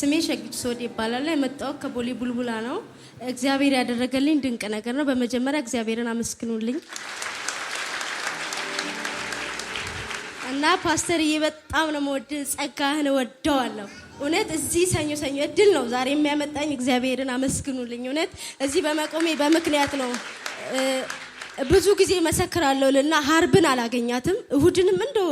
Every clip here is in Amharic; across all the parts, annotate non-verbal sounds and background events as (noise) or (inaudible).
ስሜ ሸጊድ ሶድ ይባላል። የመጣሁት ከቦሌ ቡልቡላ ነው። እግዚአብሔር ያደረገልኝ ድንቅ ነገር ነው። በመጀመሪያ እግዚአብሔርን አመስግኑልኝ እና ፓስተርዬ በጣም ነው የምወድህ። ጸጋህን እወደዋለሁ። እውነት እዚህ ሰኞ ሰኞ እድል ነው ዛሬ የሚያመጣኝ። እግዚአብሔርን አመስግኑልኝ። እውነት እዚህ በመቆሜ በምክንያት ነው። ብዙ ጊዜ መሰክራለሁ ልና ሀርብን አላገኛትም እሁድንም እንደው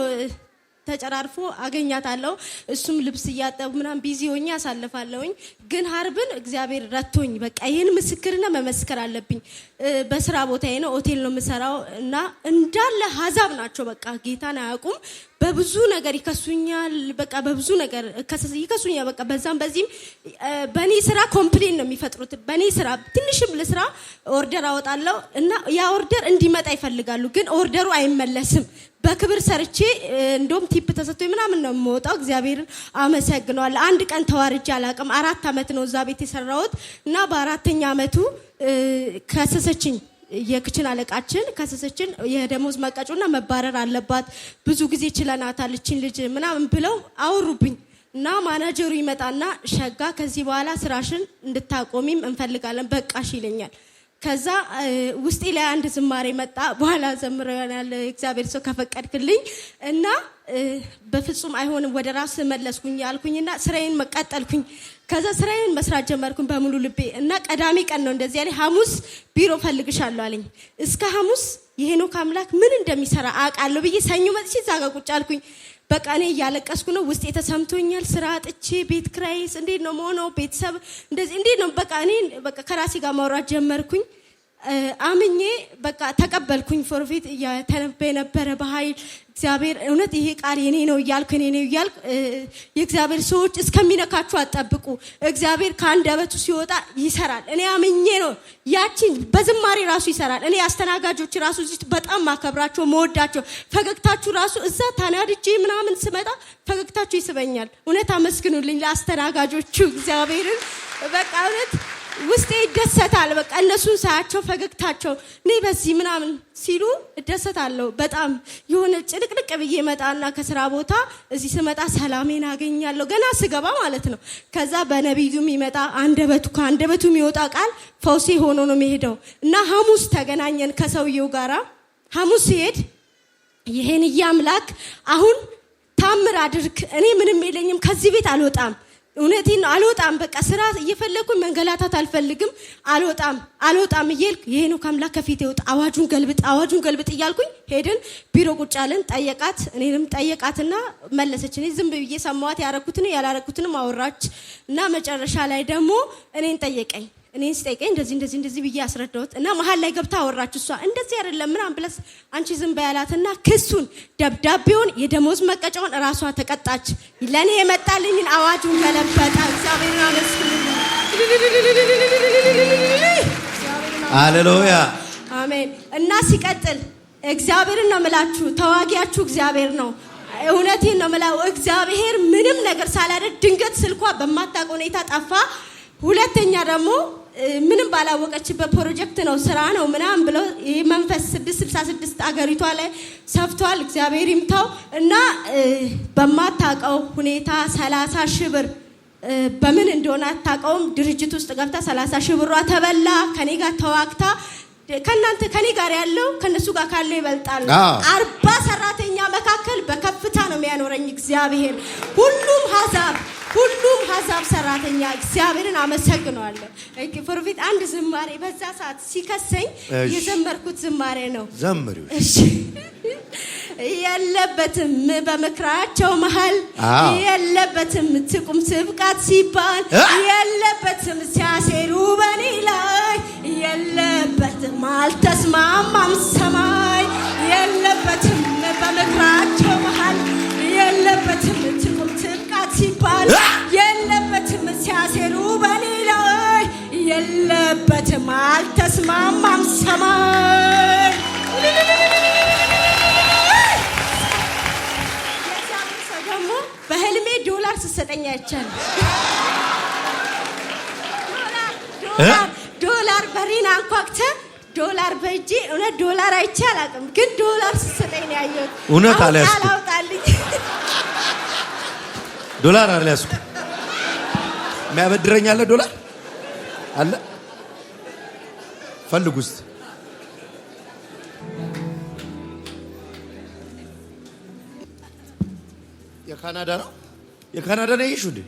ተጨራርፎ አገኛታለሁ። እሱም ልብስ እያጠቡ ምናምን ቢዚ ሆኜ አሳልፋለሁኝ። ግን ሀርብን እግዚአብሔር ረቶኝ በቃ ይህን ምስክርና መመስከር አለብኝ። በስራ ቦታዬ ነው፣ ሆቴል ነው የምሰራው እና እንዳለ ሀዛብ ናቸው። በቃ ጌታን አያውቁም። በብዙ ነገር ይከሱኛል። በቃ በብዙ ነገር ይከሱኛል። በቃ በዛም በዚህም በእኔ ስራ ኮምፕሌን ነው የሚፈጥሩት። በእኔ ስራ ትንሽም ለስራ ኦርደር አወጣለሁ እና ያ ኦርደር እንዲመጣ ይፈልጋሉ፣ ግን ኦርደሩ አይመለስም። በክብር ሰርቼ እንደውም ቲፕ ተሰጥቶ ምናምን ነው የምወጣው። እግዚአብሔርን አመሰግነዋለሁ። አንድ ቀን ተዋርጄ አላውቅም። አራት አመት ነው እዛ ቤት የሰራሁት እና በአራተኛ አመቱ ከሰሰችኝ። የክችል አለቃችን ከሰሰችን። የደሞዝ መቀጮና መባረር አለባት ብዙ ጊዜ ችለናታል እችን ልጅ ምናምን ብለው አወሩብኝ እና ማናጀሩ ይመጣና ሸጋ ከዚህ በኋላ ስራሽን እንድታቆሚም እንፈልጋለን በቃሽ ይለኛል። ከዛ ውስጤ ላይ አንድ ዝማሬ መጣ። በኋላ ዘምረናል እግዚአብሔር ሰው ከፈቀድክልኝ እና በፍጹም አይሆንም ወደ ራስ መለስኩኝ አልኩኝና ስራዬን መቀጠልኩኝ ከዛ ስራዬን መስራት ጀመርኩኝ በሙሉ ልቤ እና ቀዳሚ ቀን ነው እንደዚህ ያለ ሐሙስ ቢሮ ፈልግሻለሁ አለኝ። እስከ ሐሙስ የሄኖክ አምላክ ምን እንደሚሰራ አውቃለሁ ብዬ ሰኞ መጥቼ እዛ ጋ ቁጭ አልኩኝ። በቃ እኔ እያለቀስኩ ነው፣ ውስጤ ተሰምቶኛል። ስራ አጥቼ ቤት ክራይስ እንዴት ነው መሆነው? ቤተሰብ እንደዚህ እንዴት ነው? በቃ እኔ በቃ ከራሴ ጋር ማውራት ጀመርኩኝ። አምኜ በቃ ተቀበልኩኝ። ፎርፌት እየተነበ የነበረ በኃይል እግዚአብሔር እውነት ይሄ ቃል የኔ ነው እያልኩ እኔ ነው እያልኩ የእግዚአብሔር ሰዎች እስከሚነካችሁ አጠብቁ። እግዚአብሔር ከአንደበቱ ሲወጣ ይሰራል። እኔ አምኜ ነው ያቺን በዝማሬ ራሱ ይሰራል። እኔ አስተናጋጆች ራሱ በጣም ማከብራቸው መወዳቸው፣ ፈገግታችሁ ራሱ እዛ ተናድጄ ምናምን ስመጣ ፈገግታችሁ ይስበኛል። እውነት አመስግኑልኝ ለአስተናጋጆቹ እግዚአብሔርን በቃ እውነት ውስጤ ይደሰታል። በቃ እነሱን ሳያቸው ፈገግታቸው እኔ በዚህ ምናምን ሲሉ እደሰታለሁ በጣም የሆነ ጭንቅንቅ ብዬ መጣና ከስራ ቦታ እዚህ ስመጣ ሰላሜን አገኛለሁ ገና ስገባ ማለት ነው። ከዛ በነቢዩ የሚመጣ አንደበቱ ከአንደበቱ የሚወጣ ቃል ፈውሴ ሆኖ ነው የሚሄደው እና ሐሙስ ተገናኘን ከሰውየው ጋራ ሐሙስ ሲሄድ ይሄን እያምላክ አሁን ታምር አድርግ እኔ ምንም የለኝም ከዚህ ቤት አልወጣም እውነቴን አልወጣም በቃ ስራ እየፈለግኩኝ መንገላታት አልፈልግም። አልወጣም አልወጣም እያልኩ ይሄ ነው ከአምላክ ከፊት ይወጣ አዋጁን ገልብጥ አዋጁን ገልብጥ እያልኩኝ ሄድን። ቢሮ ቁጭ አለን። ጠየቃት፣ እኔንም ጠየቃትና መለሰች። እኔ ዝም ብዬ ሰማዋት። ያረኩትን ያላረኩትንም አወራች እና መጨረሻ ላይ ደግሞ እኔን ጠየቀኝ። እኔን ስጠይቀኝ እንደዚህ እንደዚህ እንደዚህ ብዬ አስረዳሁት እና መሀል ላይ ገብታ አወራች። እሷ እንደዚህ አይደለም ምናምን ብለስ አንቺ ዝም በያላትና ክሱን፣ ደብዳቤውን፣ የደሞዝ መቀጫውን እራሷ ተቀጣች። ለእኔ የመጣልኝን አዋጁን ገለበጠ። እግዚአብሔርን አመስግኑልኝ። አሜን። እና ሲቀጥል እግዚአብሔርን ነው ምላችሁ ተዋጊያችሁ እግዚአብሔር ነው። እውነቴን ነው ምላው እግዚአብሔር ምንም ነገር ሳላደርግ ድንገት ስልኳ በማታውቅ ሁኔታ ጠፋ። ሁለተኛ ደግሞ ምንም ባላወቀችበት ፕሮጀክት ነው ስራ ነው ምናምን ብለው ይህ መንፈስ ስድስት ስልሳ ስድስት አገሪቷ ላይ ሰፍቷል። እግዚአብሔር ይምታው እና በማታውቀው ሁኔታ ሰላሳ ሺህ ብር በምን እንደሆነ አታውቀውም። ድርጅት ውስጥ ገብታ ሰላሳ ሺህ ብሯ ተበላ። ከኔ ጋር ተዋግታ ከእናንተ ከኔ ጋር ያለው ከነሱ ጋር ካለው ይበልጣል። አርባ ሰራተኛ መካከል በከፍታ ነው የሚያኖረኝ እግዚአብሔር ሁሉም ሀዛብ ሁሉም ሀሳብ ሰራተኛ እግዚአብሔርን አመሰግነዋለሁ። ፍርፊት አንድ ዝማሬ በዛ ሰዓት ሲከሰኝ የዘመርኩት ዝማሬ ነው። የለበትም በምክራቸው መሀል የለበትም ትቁም ትብቃት ሲባል የለበትም ሲያሴሩ በኔ ላይ የለበትም አልተስማማም ሰማይ የለበትም በምክራቸው መሀል የለበትም አልሄድበትም፣ አልተስማማም። ሰማይ ሰው ደግሞ በህልሜ ዶላር ስትሰጠኝ አይቻልም። ዶላር በሬን አንኳኩተህ ዶላር እውነት ዶላር አይቼ አላውቅም፣ ግን ዶላር ስትሰጠኝ ነው ያየሁት። እውነት አላውጣልኝ ዶላር አልያዝኩም። የሚያበድረኝ አለ ዶላር አለ ፈልጉ ውስጥ የካናዳ ነው የካናዳ ነው ይሹ እንዴ?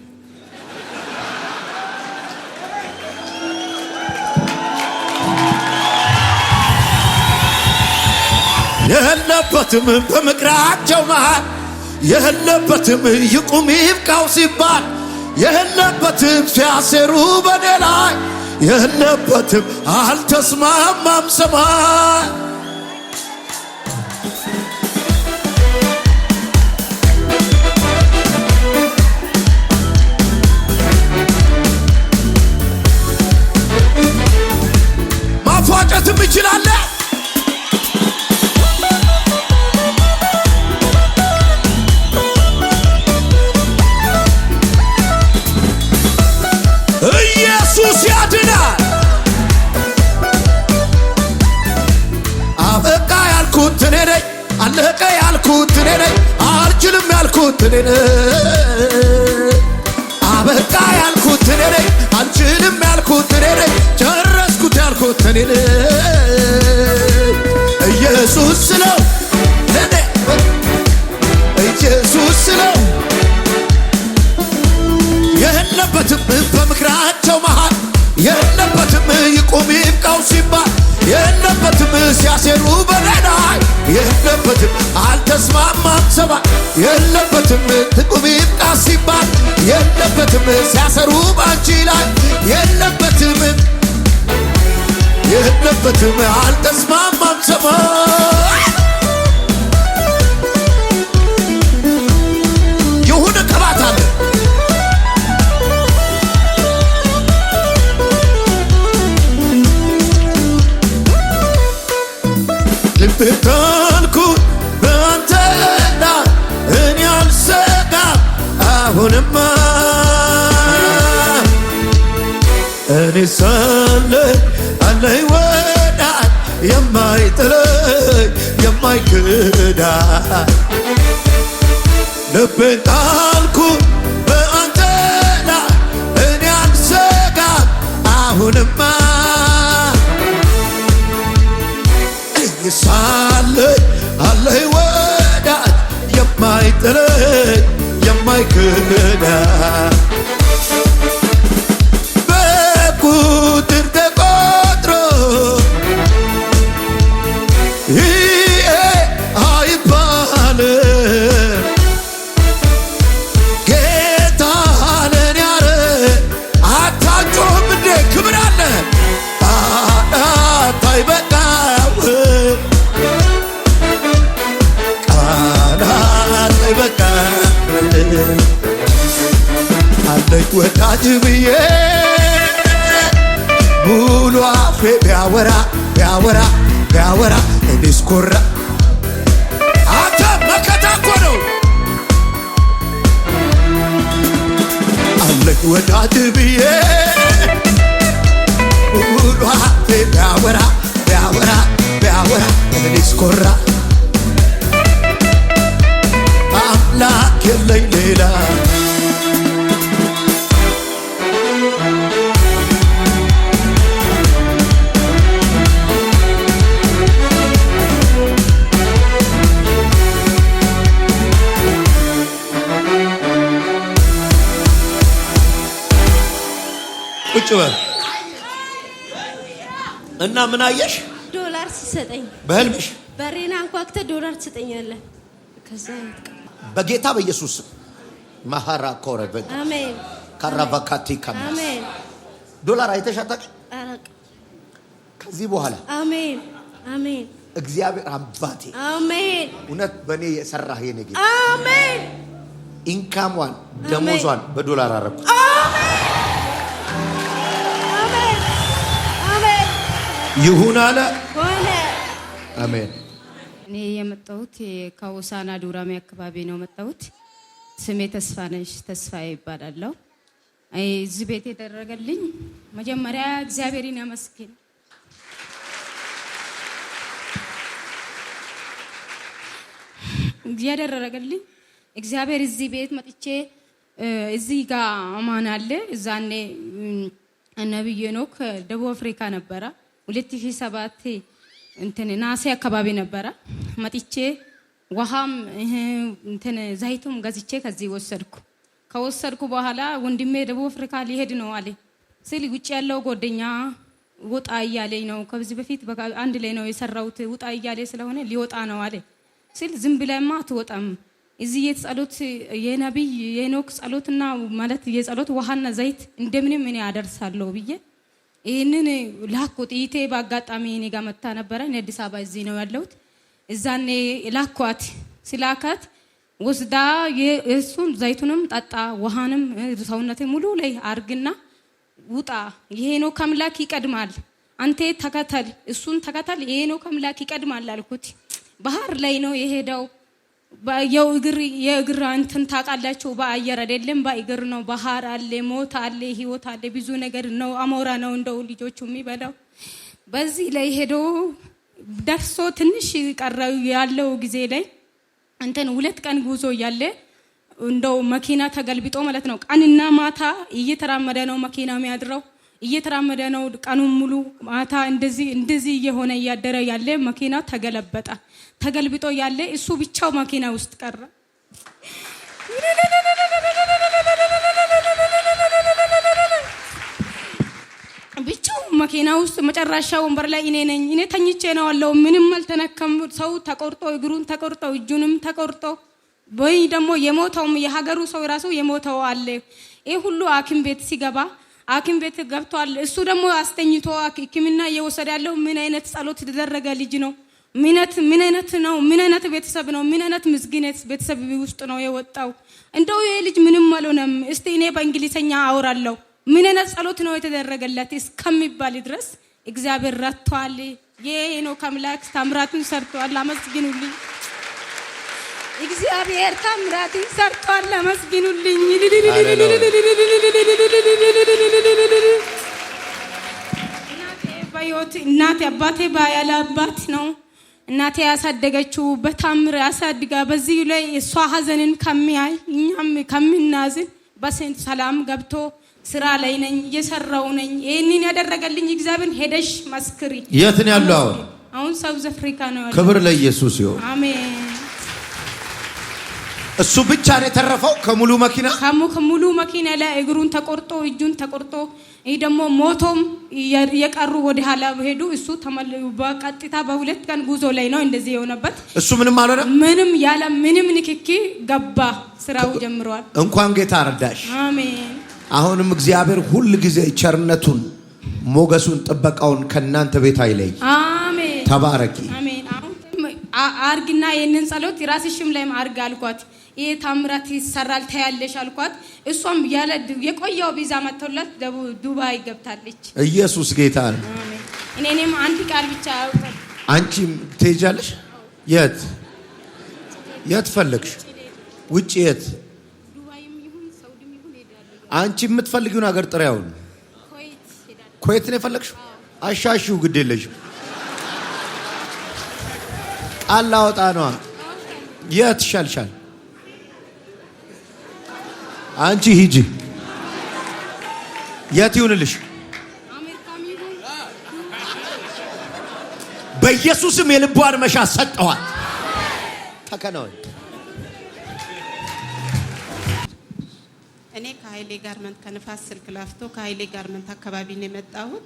የለበትም በምክራቸው መሃል የለበትም ይቁም ይብቃው ሲባል የለበትም ሲያሴሩ በኔ ላይ የለበትም አልተስማማም ሰማይ ኢየሱስ ነው ለኔ ኢየሱስ ነው የለበትም በምክራቸው መሃል የለበትም ይቁም ይብቃው ሲባል የለበትም ሲያሴሩ በላይ የለበትም አልተስማማም ሰባል የለበትም ይቁም ይብቃ ሲባል የለበትም ሲያሰሩ ባንቺ ላይ የለበትም የሄድንበትም አልተስማማም ሰማይ የሆነ ቅባት አለ ልብህ ተንኩት በአንተና እኔ አልሰጋ አሁንማ እኔ የማይክዳ ልቤን ጣልኩ በአንተ ላይ እኔ አልሰጋም አሁንማ ሳለኝ አለህ ወዳጅ የማይጥለኝ የማይክዳ አዋጅ ሙሉ አፌ ቢያወራ ቢያወራ ቢያወራ እንስኮራ አንተ መከታ ነው አለኝ ወዳጅ ብዬ ሙሉ አፌ ቢያወራ ቢያወራ ቢያወራ እንስኮራ አምላክ የለኝ ሌላ በል እና ምን አየሽ? ዶላር ሲሰጠኝ በህልምሽ በሬና አንኳክተ ዶላር ትሰጠኛለህ። ከዛ በጌታ በኢየሱስ ማሃራ ኮረበ አሜን። ካራቫካቲ ካማ አሜን። ዶላር አይተሻታቅ ከዚህ በኋላ አሜን፣ አሜን። እግዚአብሔር አባቴ አሜን። እውነት በእኔ የሰራህ የኔ ጌታ አሜን። ኢንካሟን ደሞዟን በዶላር አሜን። ይሁን አለ። አሜን። እኔ የመጣሁት ከሆሳና ዱራሜ አካባቢ ነው መጣሁት። ስሜ ተስፋ ነሽ ተስፋ ይባላለሁ። እዚህ ቤት የደረገልኝ መጀመሪያ እግዚአብሔርን ያመስግን። ያደረገልኝ እግዚአብሔር እዚህ ቤት መጥቼ እዚህ ጋር አማን አለ እዛኔ ነብዬ ኖክ ደቡብ አፍሪካ ነበረ ሁለት ሺህ ሰባት እንትን ናሴ አካባቢ ነበረ መጥቼ ውሃም እንትን ዘይቱም ገዝቼ ከዚህ ወሰድኩ። ከወሰድኩ በኋላ ወንድሜ ደቡብ አፍሪካ ሊሄድ ነው አለ ስል ውጭ ያለው ጓደኛ ውጣ እያለኝ ነው። ከዚህ በፊት አንድ ላይ ነው የሰራሁት። ውጣ እያለ ስለሆነ ሊወጣ ነው አለ ስል ዝም ብለማ አትወጣም። እዚህ የጸሎት የነቢይ የኖክ ጸሎትና ማለት የጸሎት ውሃና ዘይት እንደምንም እኔ አደርሳለሁ ብዬ ይህንን ላኩት። ጥይቴ በአጋጣሚ እኔ ጋር መታ ነበረ። እኔ አዲስ አበባ እዚህ ነው ያለሁት። እዛኔ ላኳት። ስላካት ወስዳ የእሱን ዘይቱንም ጠጣ፣ ውሃንም ሰውነትን ሙሉ ላይ አርግና ውጣ። የሄኖክ አምላክ ይቀድማል፣ አንተ ተከተል፣ እሱን ተከተል። ይሄ ነው ከምላክ ይቀድማል አንተ ተከተል እሱን ተከተል ይሄ ነው ከምላክ ይቀድማል አልኩት ባህር ላይ ነው የሄደው የእግር የእግር እንትን ታውቃላችሁ፣ በአየር አይደለም በእግር ነው። ባህር አለ፣ ሞት አለ፣ ህይወት አለ፣ ብዙ ነገር ነው። አሞራ ነው እንደው ልጆቹ የሚበላው። በዚህ ላይ ሄዶ ደርሶ ትንሽ ቀረው ያለው ጊዜ ላይ እንትን ሁለት ቀን ጉዞ እያለ እንደው መኪና ተገልብጦ ማለት ነው። ቀንና ማታ እየተራመደ ነው መኪና የሚያድረው እየተራመደ ነው። ቀኑን ሙሉ ማታ እንደዚህ እንደዚህ እየሆነ እያደረ ያለ መኪና ተገለበጠ። ተገልብጦ ያለ እሱ ብቻው መኪና ውስጥ ቀረ። ብቻው መኪና ውስጥ መጨረሻ ወንበር ላይ እኔ ነኝ። እኔ ተኝቼ ነው አለው። ምንም አልተነከም። ሰው ተቆርጦ እግሩን ተቆርጦ እጁንም ተቆርጦ ወይ ደግሞ የሞተውም የሀገሩ ሰው ራሱ የሞተው አለ። ይህ ሁሉ ሐኪም ቤት ሲገባ ሐኪም ቤት ገብቷል። እሱ ደግሞ አስተኝቶ ሕክምና እየወሰደ ያለው ምን አይነት ጸሎት የተደረገ ልጅ ነው? ምን አይነት ነው? ምን አይነት ቤተሰብ ነው? ምን አይነት ምዝግነት ቤተሰብ ውስጥ ነው የወጣው? እንደው ይሄ ልጅ ምንም አልሆነም። እስቲ እኔ በእንግሊዘኛ አውራለሁ። ምን አይነት ጸሎት ነው የተደረገለት እስከሚባል ድረስ እግዚአብሔር ረድቷል። ይሄ ነው ከአምላክ ታምራቱን ሰርቷል። አመስግኑልኝ። እግዚአብሔር ታምራት ሰርቷል። አመስግኑልኝ። እናቴ አባቴ ባያለ አባት ነው። እናቴ ያሳደገችው በታምር ያሳድጋ። በዚህ ላይ እሷ ሀዘንን ከሚያይ እኛም ከሚናዝን በስንት ሰላም ገብቶ ስራ ላይ ነኝ፣ እየሰራው ነኝ። ይህንን ያደረገልኝ እግዚአብሔር ሄደሽ መስክሪ። የት ነው ያለው? አሁን አሁን ሳውዝ አፍሪካ ነው ያለው። ክብር ለኢየሱስ ይሁን። አሜን። እሱ ብቻ ነው የተረፈው ከሙሉ መኪና ከሙሉ መኪና ላይ እግሩን ተቆርጦ እጁን ተቆርጦ ይህ ደግሞ ሞቶም የቀሩ ወደ ኋላ ሄዱ። እሱ በቀጥታ በሁለት ቀን ጉዞ ላይ ነው እንደዚህ የሆነበት። እሱ ምንም አልሆነ። ምንም ያለ ምንም ንክኪ ገባ፣ ስራው ጀምረዋል። እንኳን ጌታ ረዳሽ። አሜን። አሁንም እግዚአብሔር ሁል ጊዜ ቸርነቱን፣ ሞገሱን፣ ጥበቃውን ከእናንተ ቤት አይለይ። አሜን። ተባረኪ። አርግና ይህንን ጸሎት ራስሽም ላይም አርግ አልኳት። ይህ ታምራት ይሰራል ታያለሽ አልኳት። እሷም ያለ የቆየው ቪዛ መጥቶላት ዱባይ ገብታለች። ኢየሱስ ጌታ ነው። እኔንም አንድ ቃል ብቻ አውቃል። አንቺም ትሄጃለሽ? የት የት ፈለግሽ? ውጭ የት? አንቺ የምትፈልጊውን ሀገር ጥሪ። አሁን ኩዌት ነው የፈለግሽው? አሻሽው ግድ የለሽም ቃል ላወጣ ነዋ። የት ሸልሻል አንቺ ሂጂ። የት ይሁንልሽ? በኢየሱስም የልቧን መሻ ሰጠዋል። ተከናወን። እኔ ከኃይሌ ጋርመንት ከንፋስ ስልክ ላፍቶ ከኃይሌ ጋርመንት አካባቢ ነው የመጣሁት።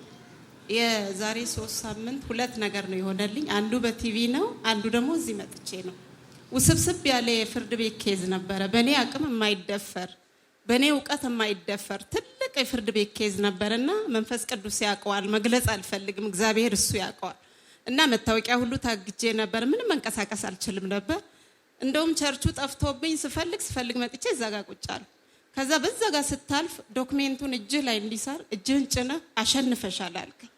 የዛሬ ሶስት ሳምንት ሁለት ነገር ነው የሆነልኝ። አንዱ በቲቪ ነው፣ አንዱ ደግሞ እዚህ መጥቼ ነው። ውስብስብ ያለ የፍርድ ቤት ኬዝ ነበረ። በእኔ አቅም የማይደፈር በእኔ እውቀት የማይደፈር ትልቅ የፍርድ ቤት ኬዝ ነበር እና መንፈስ ቅዱስ ያውቀዋል፣ መግለጽ አልፈልግም። እግዚአብሔር እሱ ያውቀዋል። እና መታወቂያ ሁሉ ታግጄ ነበር፣ ምንም መንቀሳቀስ አልችልም ነበር። እንደውም ቸርቹ ጠፍቶብኝ ስፈልግ ስፈልግ መጥቼ እዛ ጋ ቁጭ አልኩ። ከዛ በዛ ጋር ስታልፍ ዶክሜንቱን እጅህ ላይ እንዲሰር እጅህን ጭነህ አሸንፈሻል አልከኝ።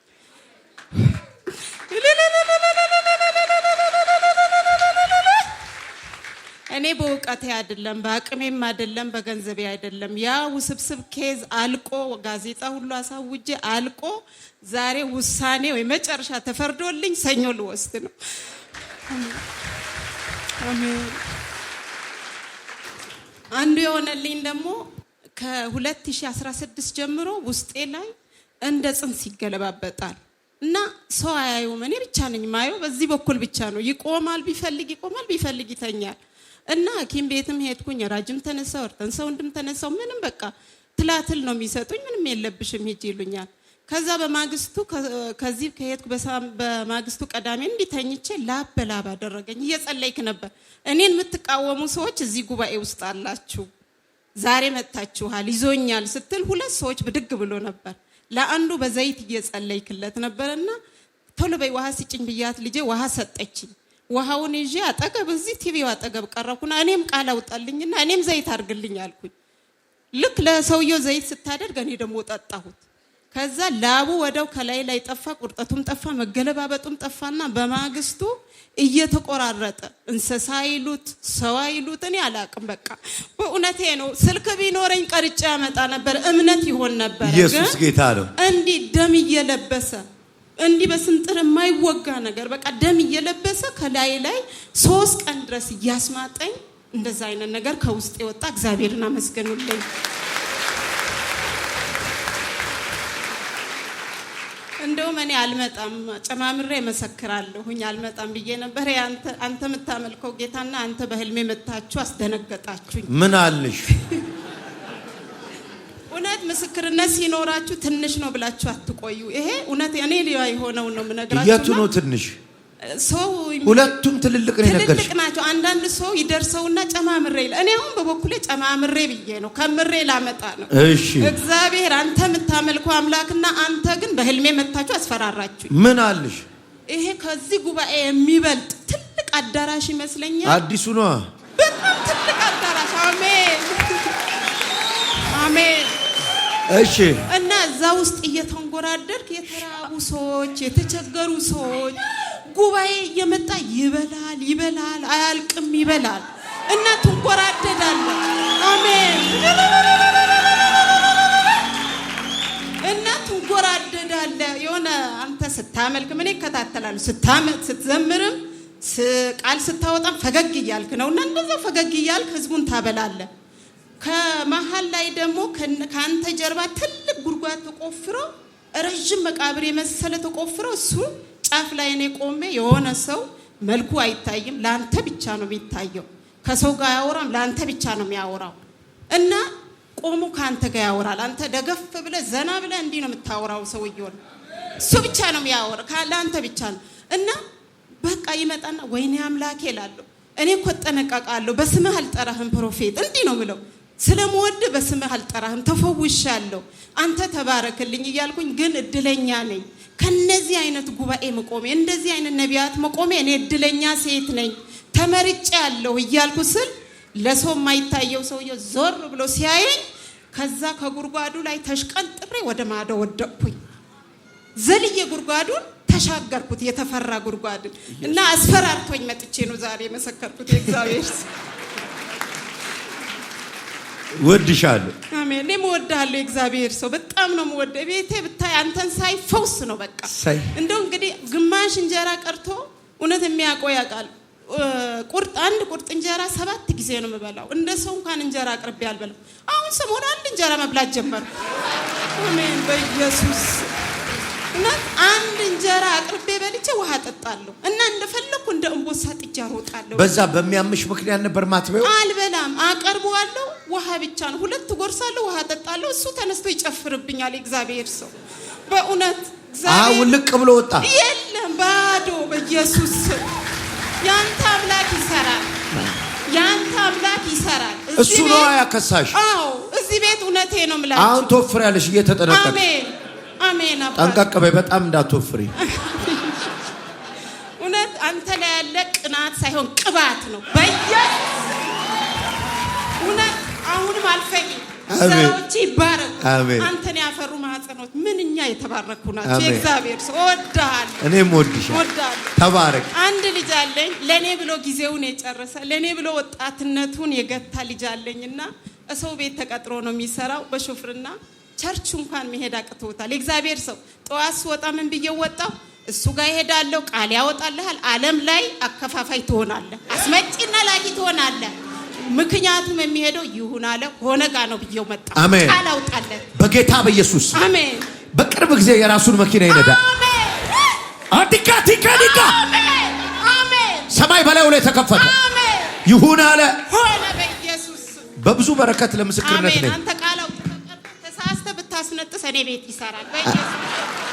እኔ በእውቀቴ አይደለም በአቅሜም አይደለም በገንዘቤ አይደለም። ያ ውስብስብ ኬዝ አልቆ ጋዜጣ ሁሉ አሳውጄ አልቆ ዛሬ ውሳኔ ወይ መጨረሻ ተፈርዶልኝ ሰኞ ልወስድ ነው። አንዱ የሆነልኝ ደግሞ ከ2016 ጀምሮ ውስጤ ላይ እንደ ጽንስ ይገለባበጣል። እና ሰው አያየውም። እኔ ብቻ ነኝ ማየው። በዚህ በኩል ብቻ ነው። ይቆማል፣ ቢፈልግ ይቆማል፣ ቢፈልግ ይተኛል። እና ሐኪም ቤትም ሄድኩኝ። ራጅም ተነሳው፣ እርተን ሰውንድም ተነሳው፣ ምንም በቃ ትላትል ነው የሚሰጡኝ። ምንም የለብሽም ሂጅ ይሉኛል። ከዛ በማግስቱ ከዚህ ከሄድኩ በማግስቱ ቀዳሜ እንዲተኝቼ ላብ በላብ አደረገኝ። እየጸለይክ ነበር። እኔን የምትቃወሙ ሰዎች እዚህ ጉባኤ ውስጥ አላችሁ፣ ዛሬ መጥታችኋል፣ ይዞኛል ስትል ሁለት ሰዎች ብድግ ብሎ ነበር ለአንዱ በዘይት እየጸለይክለት ነበረና ቶሎ በይ ውሃ ስጭኝ ብያት ልጄ ውሃ ሰጠችኝ። ውሃውን ይዤ አጠገብ እዚህ ቲቪው አጠገብ ቀረብኩና እኔም ቃል አውጣልኝና እኔም ዘይት አድርግልኝ አልኩኝ። ልክ ለሰውየው ዘይት ስታደርግ እኔ ደግሞ ጠጣሁት። ከዛ ላቡ ወደው ከላይ ላይ ጠፋ፣ ቁርጠቱም ጠፋ፣ መገለባበጡም ጠፋና በማግስቱ እየተቆራረጠ እንስሳ ይሉት ሰው ይሉት እኔ አላቅም። በቃ በእውነቴ ነው። ስልክ ቢኖረኝ ቀርጬ ያመጣ ነበር፣ እምነት ይሆን ነበር። ኢየሱስ ጌታ ነው። እንዲህ ደም እየለበሰ እንዲህ በስንጥር የማይወጋ ነገር በቃ ደም እየለበሰ ከላይ ላይ ሶስት ቀን ድረስ እያስማጠኝ እንደዛ አይነት ነገር ከውስጥ የወጣ እግዚአብሔርን አመስገኑልኝ። እንደውም እኔ አልመጣም ጨማምሬ መሰክራለሁኝ አልመጣም ብዬ ነበር። አንተ የምታመልከው ጌታና አንተ በህልሜ መታችሁ አስደነገጣችሁኝ። ምን አልሽ? እውነት ምስክርነት ሲኖራችሁ ትንሽ ነው ብላችሁ አትቆዩ። ይሄ እውነት እኔ የሆነው ነው ምነግራችሁ። የቱ ነው ትንሽ? ሰው ሁለቱም ትልልቅ ነው ነገርሽ፣ ትልልቅ ናቸው። አንዳንድ ሰው ይደርሰውና ጨማምሬ ይላል። እኔ አሁን በበኩሌ ጨማምሬ ብዬ ነው ከምሬ ላመጣ ነው። እሺ እግዚአብሔር አንተ የምታመልከው አምላክና አንተ ግን በህልሜ መታችሁ አስፈራራችሁ። ምን አልሽ? ይሄ ከዚህ ጉባኤ የሚበልጥ ትልቅ አዳራሽ ይመስለኛል። አዲሱ ነዋ። በጣም ትልቅ አዳራሽ። አሜን፣ አሜን። እሺ እና እዛ ውስጥ እየተንጎራደርክ የተራቡ ሰዎች፣ የተቸገሩ ሰዎች ጉባኤ እየመጣ ይበላል ይበላል፣ አያልቅም ይበላል እና ትንጎራደዳለህ። አሜን እና ትንጎራደዳለህ። የሆነ አንተ ስታመልክ ምን ይከታተላል ስታመልክ ስትዘምርም ቃል ስታወጣም ፈገግ እያልክ ነው እና እንደዛ ፈገግ እያልክ ህዝቡን ታበላለ። ከመሀል ላይ ደግሞ ከአንተ ጀርባ ትልቅ ጉድጓድ ተቆፍሮ ረዥም መቃብር የመሰለ ተቆፍሮ እሱ ጫፍ ላይ እኔ ቆሜ የሆነ ሰው መልኩ አይታይም፣ ለአንተ ብቻ ነው የሚታየው። ከሰው ጋር አያወራም፣ ለአንተ ብቻ ነው የሚያወራው እና ቆሞ ከአንተ ጋር ያወራል። አንተ ደገፍ ብለ ዘና ብለ እንዲህ ነው የምታወራው። ሰውየውን እሱ ብቻ ነው የሚያወራ ለአንተ ብቻ ነው እና በቃ ይመጣና ወይኔ አምላኬ እላለሁ። እኔ እኮ እጠነቀቃለሁ፣ በስምህ አልጠራህም ፕሮፌት፣ እንዲህ ነው ምለው ስለምወድ በስምህ አልጠራህም፣ ተፈውሻለሁ፣ አንተ ተባረክልኝ እያልኩኝ ግን እድለኛ ነኝ። ከነዚህ አይነት ጉባኤ መቆሜ፣ እንደዚህ አይነት ነቢያት መቆሜ እኔ እድለኛ ሴት ነኝ፣ ተመርጬ ያለሁ እያልኩ ስል ለሰው የማይታየው ሰውዬ ዞር ብሎ ሲያየኝ ከዛ ከጉድጓዱ ላይ ተሽቀንጥሬ ወደ ማዶ ወደቅኩኝ። ዘልዬ ጉድጓዱን ተሻገርኩት፣ የተፈራ ጉድጓድን እና አስፈራርቶኝ መጥቼ ነው ዛሬ የመሰከርኩት የእግዚአብሔር ወድሻለሁ። አሜን። እኔም እወድሃለሁ። የእግዚአብሔር ሰው በጣም ነው የምወደው። ቤቴ ብታይ አንተን ሳይ ፈውስ ነው በቃ። እንደው እንግዲህ ግማሽ እንጀራ ቀርቶ እውነት የሚያውቀው ያውቃል። ቁርጥ አንድ ቁርጥ እንጀራ ሰባት ጊዜ ነው የምበላው። እንደ ሰው እንኳን እንጀራ አቅርቤ አልበላም። አሁን ሰሞኑን አንድ እንጀራ መብላት ጀመርኩ። አሜን በኢየሱስ እውነት አንድ እንጀራ አቅርቤ በልቼ ውሃ ጠጣለሁ እና እንደፈለግኩ እንደ እንቦሳ ጥጃ ሮጣለሁ። በዛ በሚያምሽ ምክንያት ነበር ማትበው። አልበላም፣ አቀርበዋለሁ። ውሃ ብቻ ነው። ሁለት ጎርሳለሁ፣ ውሃ ጠጣለሁ። እሱ ተነስቶ ይጨፍርብኛል። እግዚአብሔር ሰው በእውነት ውልቅ ብሎ ወጣ። የለም ባዶ። በኢየሱስ ያንተ አምላክ ይሰራል። ያንተ አምላክ ይሰራል። እሱ ነው ያከሳሽ። አዎ እዚህ ቤት እውነቴ ነው የምላችሁ። አሁን ትወፍሪያለሽ እየተጠነቀቅሽ ጠንቀቅ በይ፣ በጣም እንዳትወፍሪ። (laughs) እውነት አንተ ላይ ያለ ቅናት ሳይሆን ቅባት ነው። በየ እውነት አሁንም አልፈኝም። ስራዎች ይባረክ። አንተን ያፈሩ ማህፀኖች ምንኛ የተባረኩ ናቸው። የእግዚአብሔር ሰው እወድሃለሁ፣ እኔም እወድሻለሁ። ተባረክ። አንድ ልጅ አለኝ ለእኔ ብሎ ጊዜውን የጨረሰ ለእኔ ብሎ ወጣትነቱን የገታ ልጅ አለኝ እና ሰው ቤት ተቀጥሮ ነው የሚሰራው በሹፍርና ቸርች እንኳን መሄድ አቅቶታል። እግዚአብሔር ሰው ጠዋት ስወጣ ምን ብዬ ወጣው? እሱ ጋር ይሄዳለሁ። ቃል ያወጣልሃል። ዓለም ላይ አከፋፋይ ትሆናለህ፣ አስመጪና ላኪ ትሆናለህ። ምክንያቱም የሚሄደው ይሁን አለ ሆነ ጋ ነው ብዬው መጣ። ቃል አውጣለን በጌታ በኢየሱስ አሜን። በቅርብ ጊዜ የራሱን መኪና ይነዳል። አዲካ ቲካ ዲካ ሰማይ በላዩ ላይ ተከፈተ። ይሁን አለ ሆነ። በኢየሱስ በብዙ በረከት ለምስክርነት ነኝ። አንተ ሳስነጥስ እኔ ቤት ይሰራል።